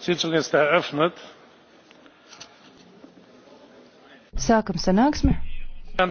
sitzung ist eröffnet. Sākam sanāksmi.